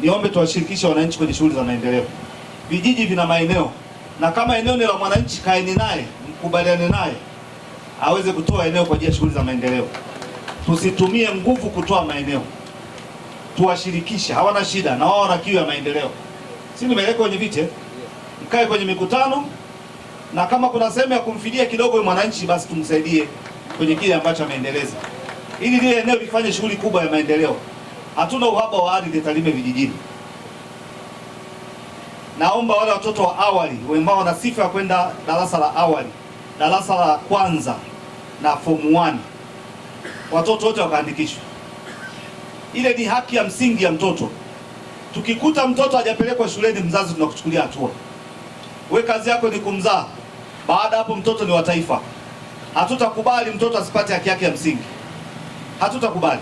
niombe tuwashirikishe wananchi kwenye shughuli za maendeleo. Vijiji vina maeneo, na kama eneo ni la mwananchi, kaeni naye, mkubaliane naye aweze kutoa eneo kwa ajili ya shughuli za maendeleo. Tusitumie nguvu kutoa maeneo, tuwashirikishe. Hawana shida na wao, wana kiu ya maendeleo. Si nimeleka kwenye viti, mkae kwenye mikutano, na kama kuna sehemu ya kumfidia kidogo mwananchi, basi tumsaidie kwenye kile ambacho ameendeleza, ili lile eneo lifanye shughuli kubwa ya maendeleo. Hatuna uhaba wa ardhi Tarime vijijini. Naomba wale watoto wa awali ambao wana sifa ya kwenda darasa la awali, darasa la kwanza na form 1, watoto wote wakaandikishwe. Ile ni haki ya msingi ya mtoto. Tukikuta mtoto hajapelekwa shuleni, mzazi tunakuchukulia hatua. We kazi yako ni kumzaa, baada hapo mtoto ni wa taifa. Hatutakubali mtoto asipate haki yake ya msingi, hatutakubali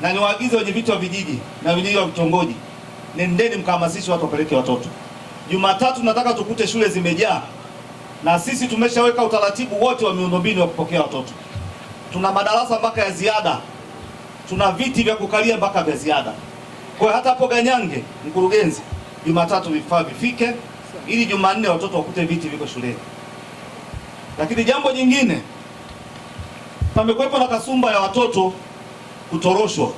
na niwaagize wenye viti wa vijiji na vijiji wa vitongoji, nendeni mkahamasishe watu wapeleke watoto. Jumatatu nataka tukute shule zimejaa, na sisi tumeshaweka utaratibu wote wa miundombinu ya kupokea watoto. Tuna madarasa mpaka ya ziada, tuna viti vya kukalia mpaka vya ziada. Kwa hiyo hata hapo Ganyange, mkurugenzi, Jumatatu vifaa vifike, ili Jumanne watoto wakute viti viko shuleni. Lakini jambo jingine, pamekuwepo na kasumba ya watoto kutoroshwa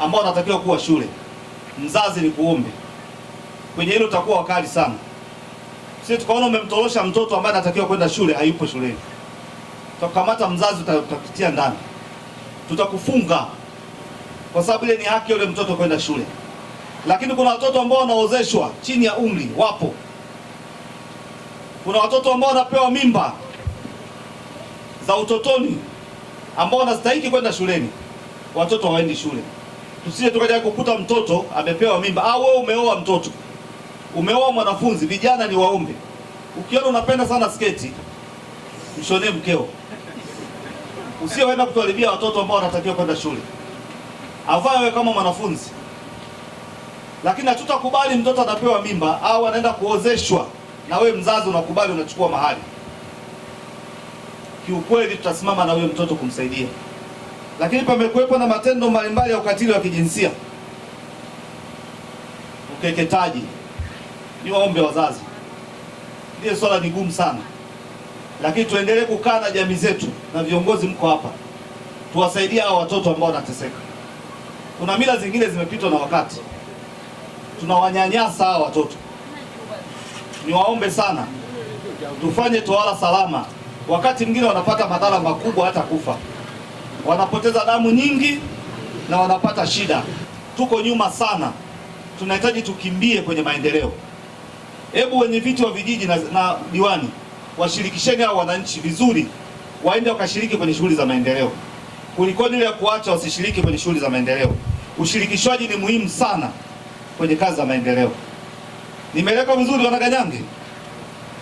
ambao wanatakiwa kuwa shule. Mzazi ni kuombe kwenye hilo, utakuwa wakali sana. Sisi tukaona umemtorosha mtoto ambaye anatakiwa kwenda shule, hayupo shuleni, tutakukamata mzazi, utapitia ndani, tutakufunga kwa sababu ile ni haki ya yule mtoto kwenda shule. Lakini kuna watoto ambao wanaozeshwa chini ya umri, wapo. Kuna watoto ambao wanapewa mimba za utotoni ambao wanastahili kwenda shuleni watoto hawaendi shule. Tusije tukaja kukuta mtoto amepewa mimba au ah, wewe umeoa mtoto, umeoa mwanafunzi. Vijana ni waombe, ukiona unapenda sana sketi, mshonee mkeo, usioenda kutuharibia watoto ambao wanatakiwa kwenda shule. avaa wewe kama mwanafunzi, lakini hatutakubali mtoto anapewa mimba au anaenda kuozeshwa na wewe mzazi unakubali, unachukua mahali. Kiukweli tutasimama na huyo mtoto kumsaidia lakini pamekuwepo na matendo mbalimbali ya ukatili wa kijinsia, ukeketaji. Niwaombe wazazi, ndiye swala ni gumu sana, lakini tuendelee kukaa na jamii zetu na viongozi, mko hapa, tuwasaidie hawa watoto ambao wanateseka. Kuna mila zingine zimepitwa na wakati, tunawanyanyasa hawa watoto. Niwaombe sana, tufanye tohara salama. Wakati mwingine wanapata madhara makubwa, hata kufa wanapoteza damu nyingi na wanapata shida. Tuko nyuma sana, tunahitaji tukimbie kwenye maendeleo. Hebu wenye viti wa vijiji na, na diwani washirikisheni hao wananchi vizuri, waende wakashiriki kwenye shughuli za maendeleo kulikoni ile ya kuacha wasishiriki kwenye shughuli za maendeleo. Ushirikishwaji ni muhimu sana kwenye kazi za maendeleo. Nimeeleka vizuri wanaganyange?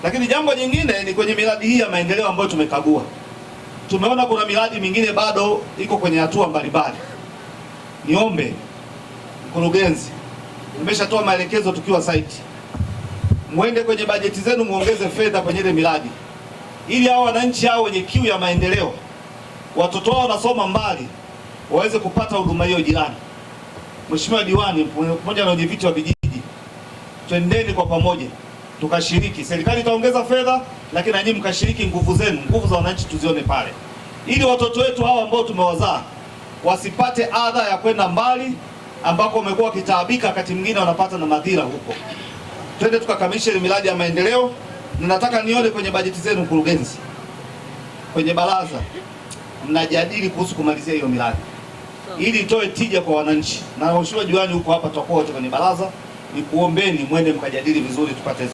Lakini jambo jingine ni kwenye miradi hii ya maendeleo ambayo tumekagua tumeona kuna miradi mingine bado iko kwenye hatua mbalimbali. Niombe mkurugenzi, nimeshatoa maelekezo tukiwa site, mwende kwenye bajeti zenu muongeze fedha kwenye ile miradi, ili hao wananchi hao wenye kiu ya maendeleo, watoto wao wanasoma mbali, waweze kupata huduma hiyo jirani. Mheshimiwa diwani pamoja na wenyeviti wa vijiji, twendeni kwa pamoja tukashiriki. Serikali itaongeza fedha lakini na nyinyi mkashiriki nguvu zenu, nguvu za wananchi tuzione pale, ili watoto wetu hawa ambao tumewazaa wasipate adha ya kwenda mbali ambako wamekuwa wakitaabika, wakati mwingine wanapata na madhira huko. Twende tukakamilishe miradi ya maendeleo, na nataka nione kwenye bajeti zenu, mkurugenzi, kwenye baraza mnajadili kuhusu kumalizia hiyo miradi ili itoe tija kwa wananchi. Na mheshimiwa diwani huko hapa, tutakuwa wote kwenye baraza, nikuombeni mwende mkajadili vizuri tupate